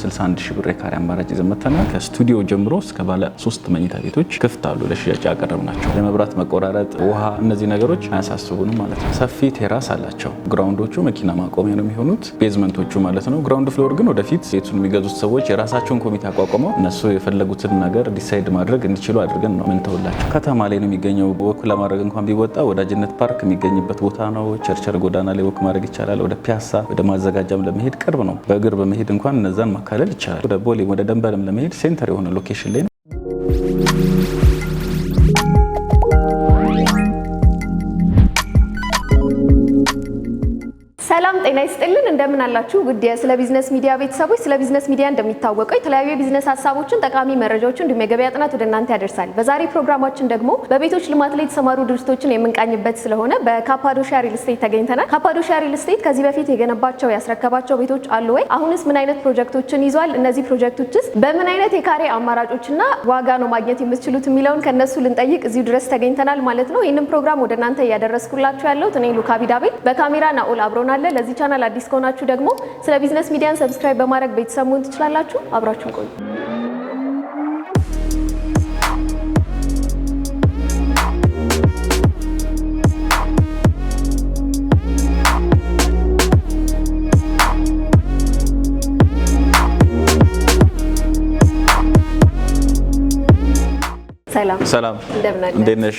61 ሺ ብር የካሬ አማራጭ ይዘመተናል። ከስቱዲዮ ጀምሮ እስከ ባለ ሶስት መኝታ ቤቶች ክፍት አሉ ለሽያጭ ናቸው። ለመብራት መቆራረጥ፣ ውሃ፣ እነዚህ ነገሮች አያሳስቡንም ማለት ነው። ሰፊ ቴራስ አላቸው። ግራውንዶቹ መኪና ማቆሚያ ነው የሚሆኑት፣ ቤዝመንቶቹ ማለት ነው። ግራውንድ ፍሎር ግን ወደፊት ቤቱን የሚገዙት ሰዎች የራሳቸውን ኮሚቴ አቋቁመው እነሱ የፈለጉትን ነገር ዲሳይድ ማድረግ እንዲችሉ አድርገን ነው ምንተውላቸው። ከተማ ላይ ነው የሚገኘው። ወክ ለማድረግ እንኳን ቢወጣ ወዳጅነት ፓርክ የሚገኝበት ቦታ ነው። ቸርቸር ጎዳና ላይ ወክ ማድረግ ይቻላል። ወደ ፒያሳ ወደ ማዘጋጃም ለመሄድ ቅርብ ነው። በእግር በመሄድ እንኳን እነዛን ማካለል ይቻላል። ወደ ቦሌ ወደ ደንበርም ለመሄድ ሴንተር የሆነ ሎኬሽን ላይ ነው። ጤና ይስጥልን እንደምን አላችሁ? ውድ ስለ ቢዝነስ ሚዲያ ቤተሰቦች፣ ስለ ቢዝነስ ሚዲያ እንደሚታወቀው የተለያዩ የቢዝነስ ሀሳቦችን፣ ጠቃሚ መረጃዎችን እንዲሁም የገበያ ጥናት ወደ እናንተ ያደርሳል። በዛሬ ፕሮግራማችን ደግሞ በቤቶች ልማት ላይ የተሰማሩ ድርጅቶችን የምንቃኝበት ስለሆነ በካፓዶሻ ሪል ስቴት ተገኝተናል። ካፓዶሻ ሪል ስቴት ከዚህ በፊት የገነባቸው ያስረከባቸው ቤቶች አሉ ወይ? አሁንስ ምን አይነት ፕሮጀክቶችን ይዟል? እነዚህ ፕሮጀክቶችስ በምን አይነት የካሬ አማራጮችና ዋጋ ነው ማግኘት የምትችሉት የሚለውን ከነሱ ልንጠይቅ እዚሁ ድረስ ተገኝተናል ማለት ነው። ይህንን ፕሮግራም ወደ እናንተ እያደረስኩላችሁ ያለሁት እኔ ሉካ በካሜራ ናኦል አብሮናለ ለዚህ ቻናል አዲስ ከሆናችሁ ደግሞ ስለ ቢዝነስ ሚዲያን ሰብስክራይብ በማድረግ ቤተሰቡን ትችላላችሁ። አብራችሁን ቆዩ። ሰላም ሰላም፣ እንዴት ነሽ?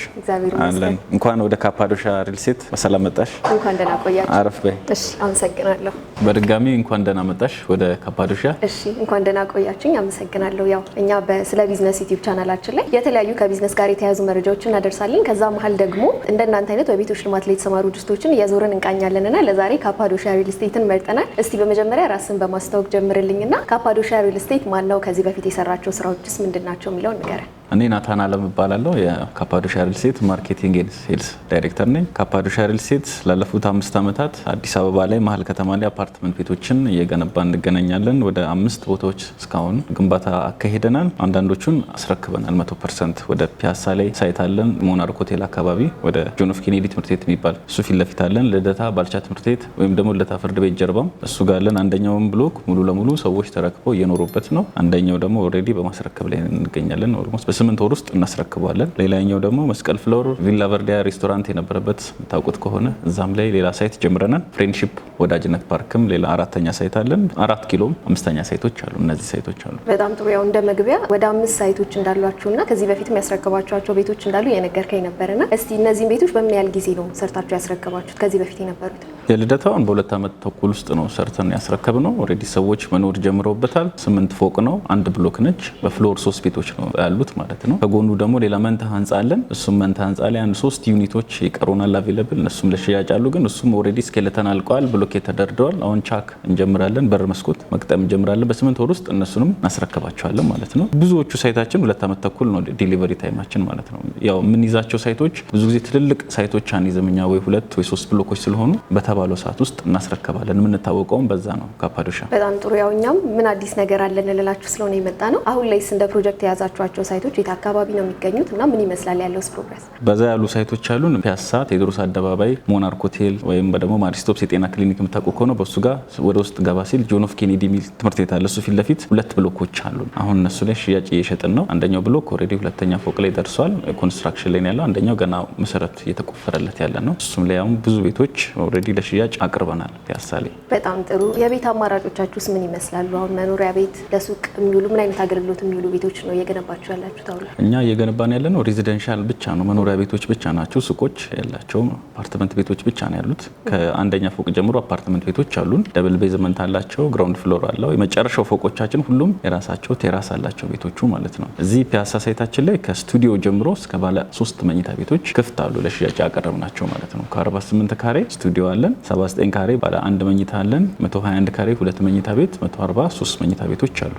አለን። እንኳን ወደ ካፓዶሻ ሪል ስቴት በሰላም መጣሽ። እንኳን ደህና ቆያችሁ። አረፍ በይ። እሺ፣ አመሰግናለሁ። በድጋሚ እንኳን ደህና መጣሽ ወደ ካፓዶሻ። እሺ፣ እንኳን ደህና ቆያችኝ። አመሰግናለሁ። ያው እኛ ስለ ቢዝነስ ዩቲዩብ ቻናላችን ላይ የተለያዩ ከቢዝነስ ጋር የተያያዙ መረጃዎችን እናደርሳለን። ከዛ መሀል ደግሞ እንደናንተ አይነት በቤቶች ልማት ላይ የተሰማሩ ድርጅቶችን እየዞርን እንቃኛለን እና ለዛሬ ካፓዶሻ ሪል ስቴትን መርጠናል። እስቲ በመጀመሪያ ራስን በማስታወቅ ጀምርልኝና ካፓዶሻ ሪልስቴት ስቴት ማን ነው? ከዚህ በፊት የሰራቸው ስራዎችስ ምንድን ናቸው? የሚለውን ንገረን። እኔ ናታን አለም እባላለሁ። የካፓዶሻ ሪል ስቴት ማርኬቲንግ ሴልስ ዳይሬክተር ነኝ። ካፓዶሻ ሪል ስቴት ላለፉት አምስት ዓመታት አዲስ አበባ ላይ መሀል ከተማ ላይ አፓርትመንት ቤቶችን እየገነባ እንገናኛለን። ወደ አምስት ቦታዎች እስካሁን ግንባታ አካሄደናል። አንዳንዶቹን አስረክበናል መቶ ፐርሰንት። ወደ ፒያሳ ላይ ሳይት አለን፣ ሞናርክ ሆቴል አካባቢ ወደ ጆን ፍ ኬኔዲ ትምህርት ቤት የሚባል እሱ ፊት ለፊት አለን። ልደታ ባልቻ ትምህርት ቤት ወይም ደግሞ ልደታ ፍርድ ቤት ጀርባም እሱ ጋር አለን። አንደኛውን ብሎክ ሙሉ ለሙሉ ሰዎች ተረክበው እየኖሩበት ነው። አንደኛው ደግሞ ኦልሬዲ በማስረከብ ላይ እንገኛለን ኦልሞስት ስምንት ወር ውስጥ እናስረክበዋለን። ሌላኛው ደግሞ መስቀል ፍሎር ቪላ ቨርዲያ ሬስቶራንት የነበረበት የምታውቁት ከሆነ እዛም ላይ ሌላ ሳይት ጀምረናል። ፍሬንድሺፕ ወዳጅነት ፓርክም ሌላ አራተኛ ሳይት አለን። አራት ኪሎም አምስተኛ ሳይቶች አሉ። እነዚህ ሳይቶች አሉ። በጣም ጥሩ። ያው እንደ መግቢያ ወደ አምስት ሳይቶች እንዳሏችሁና ከዚህ በፊትም ያስረከባችኋቸው ቤቶች እንዳሉ የነገርከኝ ነበርና እስቲ እነዚህን ቤቶች በምን ያህል ጊዜ ነው ሰርታችሁ ያስረከባችሁት? ከዚህ በፊት የነበሩት የልደታውን በሁለት ዓመት ተኩል ውስጥ ነው ሰርተን ያስረከብ ነው። ኦልሬዲ ሰዎች መኖር ጀምረውበታል። ስምንት ፎቅ ነው፣ አንድ ብሎክ ነች። በፍሎር ሶስት ቤቶች ነው ያሉት ማለት ነው። ከጎኑ ደግሞ ሌላ መንታ ህንፃ አለን። እሱም መንታ ህንፃ ላይ አንድ ሶስት ዩኒቶች ይቀሩናል አቬለብል፣ እነሱም ለሽያጭ አሉ። ግን እሱም ኦልሬዲ ስኬለተን አልቀዋል፣ ብሎኬ ተደርደዋል። አሁን ቻክ እንጀምራለን፣ በር መስኮት መቅጠም እንጀምራለን። በስምንት ወር ውስጥ እነሱንም እናስረከባቸዋለን ማለት ነው። ብዙዎቹ ሳይታችን ሁለት ዓመት ተኩል ነው ዲሊቨሪ ታይማችን ማለት ነው። ያው የምንይዛቸው ሳይቶች ብዙ ጊዜ ትልልቅ ሳይቶች አንይዝም እኛ ወይ ሁለት ወይ ሶስት ብሎኮች ስለሆኑ በተባለው ሰዓት ውስጥ እናስረከባለን። የምንታወቀውም በዛ ነው። ካፓዶሻ በጣም ጥሩ። ያው እኛም ምን አዲስ ነገር አለን ልላችሁ ስለሆነ የመጣ ነው። አሁን ላይ እንደ ፕሮጀክት የያዛችኋቸው ሳይቶች የት አካባቢ ነው የሚገኙት እና ምን ይመስላል ያለው ፕሮግረስ? በዛ ያሉ ሳይቶች አሉን። ፒያሳ፣ ቴዎድሮስ አደባባይ፣ ሞናርክ ሆቴል ወይም ደግሞ ማሪስቶፕስ የጤና ክሊኒክ የምታውቁ ከሆነ በሱ ጋር ወደ ውስጥ ገባ ሲል ጆን ኦፍ ኬኔዲ የሚል ትምህርት ቤት አለ። እሱ ፊት ለፊት ሁለት ብሎኮች አሉ። አሁን እነሱ ላይ ሽያጭ እየሸጥን ነው። አንደኛው ብሎክ ኦልሬዲ ሁለተኛ ፎቅ ላይ ደርሷል። ኮንስትራክሽን ላይ ያለው አንደኛው ገና መሰረት እየተቆፈረለት ያለ ነው። እሱም ላይ አሁን ብዙ ቤቶች ኦልሬዲ ለሽያጭ አቅርበናል። ፒያሳ ላይ በጣም ጥሩ። የቤት አማራጮቻችሁስ ምን ይመስላሉ? አሁን መኖሪያ ቤት፣ ለሱቅ የሚውሉ ምን አይነት አገልግሎት የሚውሉ ቤቶች ነው እየገነባችሁ ያላችሁ? ታውሉ እኛ እየገነባን ያለ ነው ሬዚደንሻል ብቻ ነው፣ መኖሪያ ቤቶች ብቻ ናቸው። ሱቆች ያላቸውም አፓርትመንት ቤቶች ብቻ ነው ያሉት። ከአንደኛ ፎቅ ጀምሮ አፓርትመንት ቤቶች አሉን። ደብል ቤዝመንት አላቸው፣ ግራውንድ ፍሎር አለው። የመጨረሻው ፎቆቻችን ሁሉም የራሳቸው ቴራስ አላቸው ቤቶቹ ማለት ነው። እዚህ ፒያሳ ሳይታችን ላይ ከስቱዲዮ ጀምሮ እስከ ባለ ሶስት መኝታ ቤቶች ክፍት አሉ ለሽያጭ ያቀረብናቸው ማለት ነው። ከ48 ካሬ ስቱዲዮ አለን አለን። 79 ካሬ ባለ አንድ መኝታ አለን። 121 ካሬ ሁለት መኝታ ቤት፣ 143 መኝታ ቤቶች አሉ።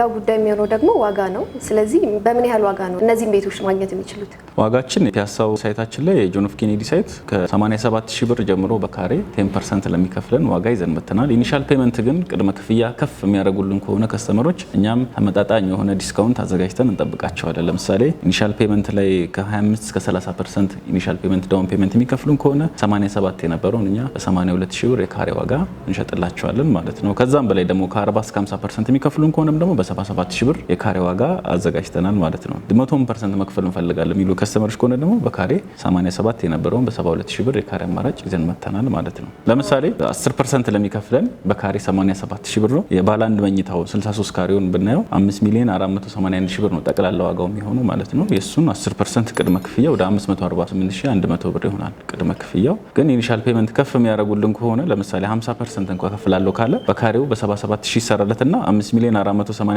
ሌላው ጉዳይ የሚሆነው ደግሞ ዋጋ ነው። ስለዚህ በምን ያህል ዋጋ ነው እነዚህም ቤቶች ማግኘት የሚችሉት? ዋጋችን ፒያሳው ሳይታችን ላይ የጆን ኤፍ ኬኔዲ ሳይት ከ87 ሺህ ብር ጀምሮ በካሬ 10 ፐርሰንት ለሚከፍለን ዋጋ ይዘን መጥተናል። ኢኒሻል ፔመንት ግን ቅድመ ክፍያ ከፍ የሚያደርጉልን ከሆነ ከስተመሮች እኛም ተመጣጣኝ የሆነ ዲስካውንት አዘጋጅተን እንጠብቃቸዋለን። ለምሳሌ ኢኒሻል ፔመንት ላይ ከ25 እስከ 30 ፐርሰንት ኢኒሻል ፔመንት ዳውን ፔመንት የሚከፍሉን ከሆነ 87 የነበረውን እኛ በ82 ሺህ ብር የካሬ ዋጋ እንሸጥላቸዋለን ማለት ነው። ከዛም በላይ ደግሞ ከ40 እስከ 50 ፐርሰንት የሚከፍሉን ከሆነም ደግሞ በ77 ሺህ ብር የካሬ ዋጋ አዘጋጅተናል ማለት ነው። መቶን ፐርሰንት መክፈል እንፈልጋለን የሚሉ ከስተመሮች ከሆነ ደግሞ በካሬ 87 የነበረውን በ72 ሺህ ብር የካሬ አማራጭ ይዘን መጥተናል ማለት ነው። ለምሳሌ 10 ፐርሰንት ለሚከፍለን በካሬ 87 ሺህ ብር ነው። የባለ አንድ መኝታው 63 ካሬውን ብናየው 5 ሚሊዮን 481 ሺህ ብር ነው ጠቅላላ ዋጋው የሚሆነው ማለት ነው። የእሱን 10 ፐርሰንት ቅድመ ክፍያ ወደ 548100 ብር ይሆናል ቅድመ ክፍያው። ግን ኢኒሻል ፔመንት ከፍ የሚያደርጉልን ከሆነ ለምሳሌ 50 ፐርሰንት እንኳ ከፍላለሁ ካለ በካሬው በ77 ሺህ ይሰራለትና 5 ሚሊዮን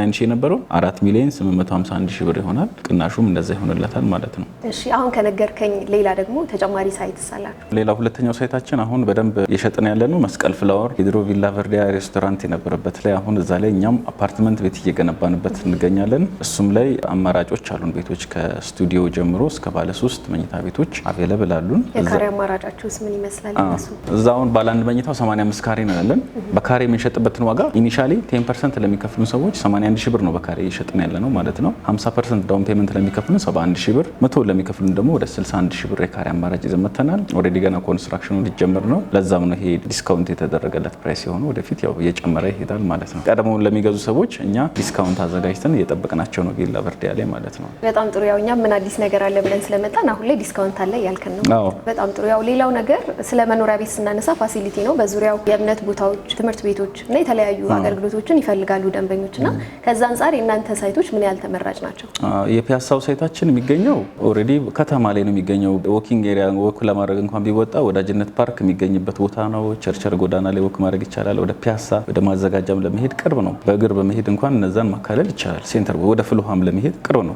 9 ሺህ የነበረው 4 ሚሊዮን 851 ሺህ ብር ይሆናል። ቅናሹም እንደዛ ይሆንለታል ማለት ነው። እሺ አሁን ከነገርከኝ ሌላ ደግሞ ተጨማሪ ሳይት ሳላችሁ ሌላ ሁለተኛው ሳይታችን አሁን በደንብ የሸጥን ያለ ነው መስቀል ፍላወር የድሮ ቪላ ቨርዲያ ሬስቶራንት የነበረበት ላይ አሁን እዛ ላይ እኛም አፓርትመንት ቤት እየገነባንበት እንገኛለን። እሱም ላይ አማራጮች አሉን ቤቶች ከስቱዲዮ ጀምሮ እስከ ባለ ሶስት መኝታ ቤቶች አቬለብል አሉን። የካሬ አማራጫችሁስ ምን ይመስላል? እዛ አሁን ባለ አንድ መኝታው 85 ካሬ ነው ያለን። በካሬ የምንሸጥበትን ዋጋ ኢኒሻሊ ቴን ፐርሰንት ለሚከፍሉ ሰዎች 81 ሺህ ብር ነው በካሬ እየሸጥን ያለ ነው ማለት ነው። 50 ፐርሰንት ዳውን ፔመንት ለሚከፍሉ 71 ሺህ ብር፣ መቶ ለሚከፍሉ ደግሞ ወደ 61 ሺህ ብር የካሬ አማራጭ ይዘን መጥተናል። ኦልሬዲ ገና ኮንስትራክሽኑ ሊጀምር ነው። ለዛም ነው ይሄ ዲስካውንት የተደረገለት ፕራይስ የሆነ ወደፊት ያው እየጨመረ ይሄዳል ማለት ነው። ቀድሞውን ለሚገዙ ሰዎች እኛ ዲስካውንት አዘጋጅተን እየጠበቅናቸው ነው ጌላ በርዲያ ላይ ማለት ነው። በጣም ጥሩ ያው እኛ ምን አዲስ ነገር አለ ብለን ስለመጣን አሁን ላይ ዲስካውንት አለ እያልከን ነው። በጣም ጥሩ ያው ሌላው ነገር ስለ መኖሪያ ቤት ስናነሳ ፋሲሊቲ ነው። በዙሪያው የእምነት ቦታዎች፣ ትምህርት ቤቶች እና የተለያዩ አገልግሎቶችን ይፈልጋሉ ደንበኞች እና ከዛ አንጻር የእናንተ ሳይቶች ምን ያህል ተመራጭ ናቸው? የፒያሳው ሳይታችን የሚገኘው ኦልሬዲ ከተማ ላይ ነው የሚገኘው። ዎኪንግ ኤሪያ ወክ ለማድረግ እንኳን ቢወጣ ወዳጅነት ፓርክ የሚገኝበት ቦታ ነው። ቸርቸር ጎዳና ላይ ወክ ማድረግ ይቻላል። ወደ ፒያሳ ወደ ማዘጋጃም ለመሄድ ቅርብ ነው። በእግር በመሄድ እንኳን እነዛን ማካለል ይቻላል። ሴንተር ወደ ፍልውሃም ለመሄድ ቅርብ ነው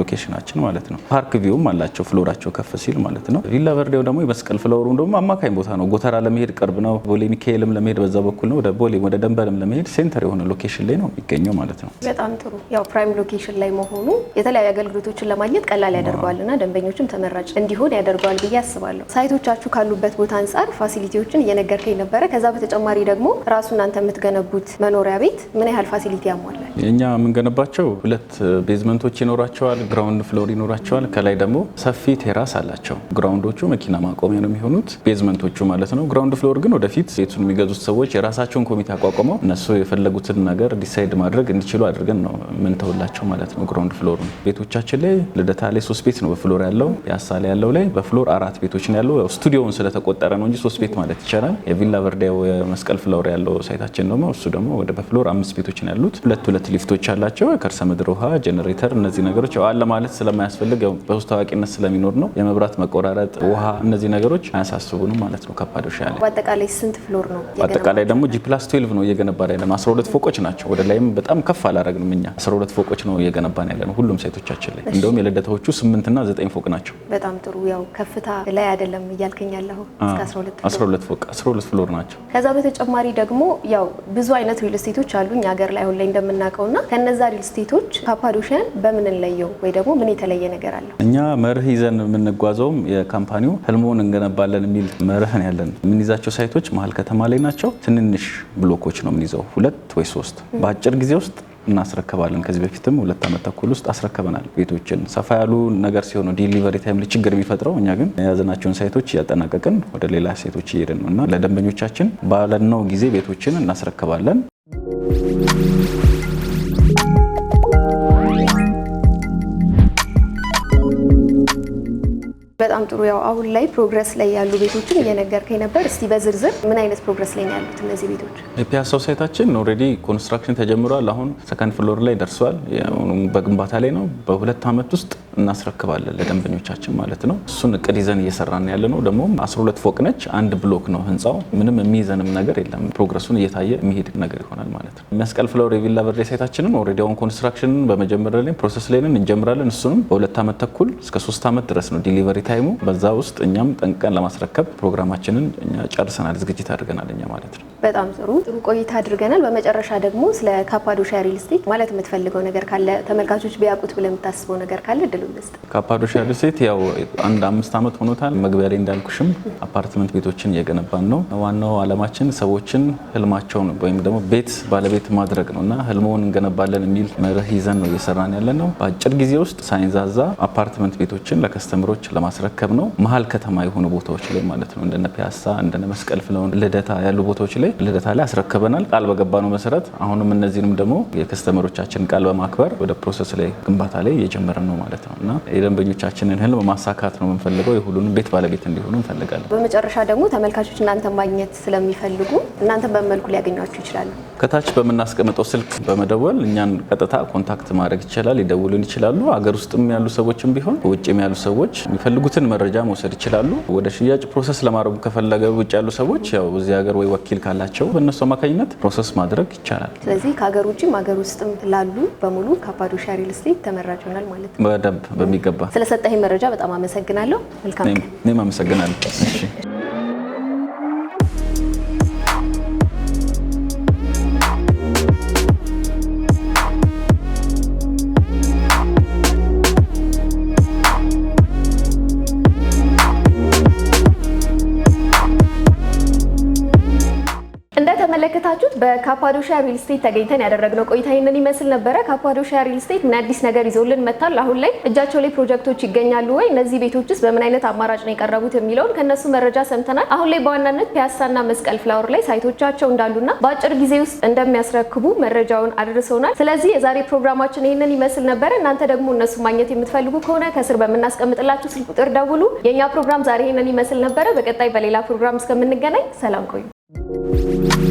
ሎኬሽናችን ማለት ነው። ፓርክ ቪውም አላቸው ፍሎራቸው ከፍ ሲል ማለት ነው። ቪላ ቨርዴው ደግሞ የመስቀል ፍሎሩ ደግሞ አማካኝ ቦታ ነው። ጎተራ ለመሄድ ቅርብ ነው። ቦሌ ሚካኤልም ለመሄድ በዛ በኩል ነው። ወደ ቦሌ ወደ ደንበርም ለመሄድ ሴንተር የሆነ ሎኬሽን ላይ ነው የሚገኘው ማለት ነው። ማለት ነው። በጣም ጥሩ። ያው ፕራይም ሎኬሽን ላይ መሆኑ የተለያዩ አገልግሎቶችን ለማግኘት ቀላል ያደርገዋልና ደንበኞችም ተመራጭ እንዲሆን ያደርገዋል ብዬ አስባለሁ። ሳይቶቻችሁ ካሉበት ቦታ አንጻር ፋሲሊቲዎችን እየነገርከኝ ነበረ። ከዛ በተጨማሪ ደግሞ ራሱ እናንተ የምትገነቡት መኖሪያ ቤት ምን ያህል ፋሲሊቲ ያሟላል? እኛ የምንገነባቸው ሁለት ቤዝመንቶች ይኖራቸዋል፣ ግራውንድ ፍሎር ይኖራቸዋል። ከላይ ደግሞ ሰፊ ቴራስ አላቸው። ግራውንዶቹ መኪና ማቆሚያ ነው የሚሆኑት፣ ቤዝመንቶቹ ማለት ነው። ግራውንድ ፍሎር ግን ወደፊት ቤቱን የሚገዙት ሰዎች የራሳቸውን ኮሚቴ አቋቁመው እነሱ የፈለጉትን ነገር ዲሳይድ ማድረግ እንዲችሉ አድርገን ነው የምንተውላቸው ማለት ነው። ግራውንድ ፍሎር ቤቶቻችን ላይ ልደታ ላይ ሶስት ቤት ነው በፍሎር ያለው፣ ያሳ ላይ ያለው ላይ በፍሎር አራት ቤቶች ነው ያለው። ስቱዲዮውን ስለተቆጠረ ነው እንጂ ሶስት ቤት ማለት ይቻላል። የቪላ ቨርዲያው የመስቀል ፍሎር ያለው ሳይታችን ደግሞ እሱ ደግሞ ወደ በፍሎር አምስት ቤቶች ነው ያሉት። ሁለት ሁለት ሊፍቶች አላቸው። ከርሰ ምድር ውሃ፣ ጀኔሬተር እነዚህ ነገሮች አለ ማለት ስለማያስፈልግ በውስጥ ታዋቂነት ስለሚኖር ነው። የመብራት መቆራረጥ፣ ውሃ እነዚህ ነገሮች አያሳስቡንም ማለት ነው። ካፓዶሻ ያለ በአጠቃላይ ስንት ፍሎር ነው? በአጠቃላይ ደግሞ ጂፕላስ ትዌልቭ ነው እየገነባ ላይ 12 ፎቆች ናቸው። ወደ ላይም በጣም ከፍ አላረግንም። እኛ 12 ፎቆች ነው እየገነባን ያለ ነው ሁሉም ሴቶቻችን ላይ። እንደውም የልደታዎቹ 8 እና 9 ፎቅ ናቸው። በጣም ጥሩ። ያው ከፍታ ላይ አይደለም እያልከኝ ያለሁ 12 ፎቅ 12 ፍሎር ናቸው። ከዛ በተጨማሪ ደግሞ ያው ብዙ አይነት ሪል ስቴቶች አሉኝ ሀገር ላይ አሁን ላይ እንደምናውቀው እና ከነዛ ሪል ስቴቶች ካፓዶሽያን በምን እንለየው ወይ ደግሞ ምን የተለየ ነገር አለው? እኛ መርህ ይዘን የምንጓዘውም የካምፓኒው ህልሞን እንገነባለን የሚል መርህን ያለን የምንይዛቸው ሳይቶች መሀል ከተማ ላይ ናቸው። ትንንሽ ብሎኮች ነው የምንይዘው ሁለት ወይ ሶስት በአጭር ጊዜ ውስጥ እናስረከባለን። ከዚህ በፊትም ሁለት ዓመት ተኩል ውስጥ አስረከበናል ቤቶችን። ሰፋ ያሉ ነገር ሲሆኑ ዲሊቨሪ ታይም ችግር የሚፈጥረው እኛ ግን የያዘናቸውን ሳይቶች እያጠናቀቅን ወደ ሌላ ሴቶች እየሄድን ነው እና ለደንበኞቻችን ባለነው ጊዜ ቤቶችን እናስረክባለን። ጥሩ። ያው አሁን ላይ ፕሮግረስ ላይ ያሉ ቤቶችን እየነገርከኝ ነበር። እስቲ በዝርዝር ምን አይነት ፕሮግረስ ላይ ያሉት እነዚህ ቤቶች? የፒያሳ ሳይታችን ኦልሬዲ ኮንስትራክሽን ተጀምሯል። አሁን ሰከንድ ፍሎር ላይ ደርሷል። በግንባታ ላይ ነው። በሁለት ዓመት ውስጥ እናስረክባለን ለደንበኞቻችን ማለት ነው። እሱን እቅድ ይዘን እየሰራን ያለ ነው። ደግሞ 12 ፎቅ ነች፣ አንድ ብሎክ ነው ህንፃው። ምንም የሚይዘንም ነገር የለም። ፕሮግረሱን እየታየ የሚሄድ ነገር ይሆናል ማለት ነው። የሚያስቀልፍለው ሪቪላ በርዴ ሳይታችንን ኦልሬዲ አሁን ኮንስትራክሽንን በመጀመሪያ ላይ ፕሮሰስ ላይንን እንጀምራለን። እሱንም በሁለት ዓመት ተኩል እስከ ሶስት ዓመት ድረስ ነው ዲሊቨሪ ታይሙ። በዛ ውስጥ እኛም ጠንቅቀን ለማስረከብ ፕሮግራማችንን እኛ ጨርሰናል፣ ዝግጅት አድርገናል እኛ ማለት ነው። በጣም ጥሩ ጥሩ ቆይታ አድርገናል። በመጨረሻ ደግሞ ስለ ካፓዶሻ ሪል ስቴት ማለት የምትፈልገው ነገር ካለ ተመልካቾች ቢያውቁት ብለህ የምታስበው ነገር ካለ እድሉን ልስጥ። ካፓዶሻ ሪል ስቴት ያው አንድ አምስት ዓመት ሆኖታል። መግቢያ ላይ እንዳልኩሽም አፓርትመንት ቤቶችን እየገነባን ነው። ዋናው አለማችን ሰዎችን ህልማቸውን ወይም ደግሞ ቤት ባለቤት ማድረግ ነው እና ህልመውን እንገነባለን የሚል መርህ ይዘን ነው እየሰራን ያለ ነው። በአጭር ጊዜ ውስጥ ሳይንዛዛ አፓርትመንት ቤቶችን ለከስተምሮች ለማስረከብ ነው። መሀል ከተማ የሆኑ ቦታዎች ላይ ማለት ነው እንደነ ፒያሳ እንደነ መስቀል ፍለውን ልደታ ያሉ ቦታዎች ላይ ልደታ ላይ አስረክበናል ቃል በገባነው መሰረት። አሁንም እነዚህንም ደግሞ የከስተመሮቻችንን ቃል በማክበር ወደ ፕሮሰስ ላይ ግንባታ ላይ እየጀመረ ነው ማለት ነው እና የደንበኞቻችንን ህልም ማሳካት ነው የምንፈልገው። የሁሉንም ቤት ባለቤት እንዲሆኑ እንፈልጋለን። በመጨረሻ ደግሞ ተመልካቾች እናንተን ማግኘት ስለሚፈልጉ እናንተ በመልኩ ሊያገኟቸው ይችላሉ። ከታች በምናስቀምጠው ስልክ በመደወል እኛን ቀጥታ ኮንታክት ማድረግ ይችላል። ሊደውሉን ይችላሉ። አገር ውስጥም ያሉ ሰዎችም ቢሆን ውጭም ያሉ ሰዎች የሚፈልጉትን መረጃ መውሰድ ይችላሉ። ወደ ሽያጭ ፕሮሰስ ለማድረጉ ከፈለገ ውጭ ያሉ ሰዎች ያው እዚህ ሀገር ወይ ወኪል ካለ ስላላቸው በእነሱ አማካኝነት ፕሮሰስ ማድረግ ይቻላል። ስለዚህ ከሀገር ውጭም ሀገር ውስጥም ላሉ በሙሉ ካፓዶሻ ሪል ስቴት ተመራጭ ይሆናል ማለት ነው። በደንብ በሚገባ ስለሰጠኝ መረጃ በጣም አመሰግናለሁ። መልካም እኔም አመሰግናለሁ። ተመልካቾች በካፓዶሻ ሪል ስቴት ተገኝተን ያደረግነው ቆይታ ይህንን ይመስል ነበረ። ካፓዶሻ ሪል ስቴት ምን አዲስ ነገር ይዞልን መጥቷል? አሁን ላይ እጃቸው ላይ ፕሮጀክቶች ይገኛሉ ወይ? እነዚህ ቤቶች ውስጥ በምን አይነት አማራጭ ነው የቀረቡት የሚለውን ከእነሱ መረጃ ሰምተናል። አሁን ላይ በዋናነት ፒያሳና መስቀል ፍላወር ላይ ሳይቶቻቸው እንዳሉና በአጭር ጊዜ ውስጥ እንደሚያስረክቡ መረጃውን አድርሰውናል። ስለዚህ የዛሬ ፕሮግራማችን ይህንን ይመስል ነበረ። እናንተ ደግሞ እነሱ ማግኘት የምትፈልጉ ከሆነ ከስር በምናስቀምጥላችሁ ስልክ ቁጥር ደውሉ። የእኛ ፕሮግራም ዛሬ ይህንን ይመስል ነበረ። በቀጣይ በሌላ ፕሮግራም እስከምንገናኝ ሰላም ቆዩ።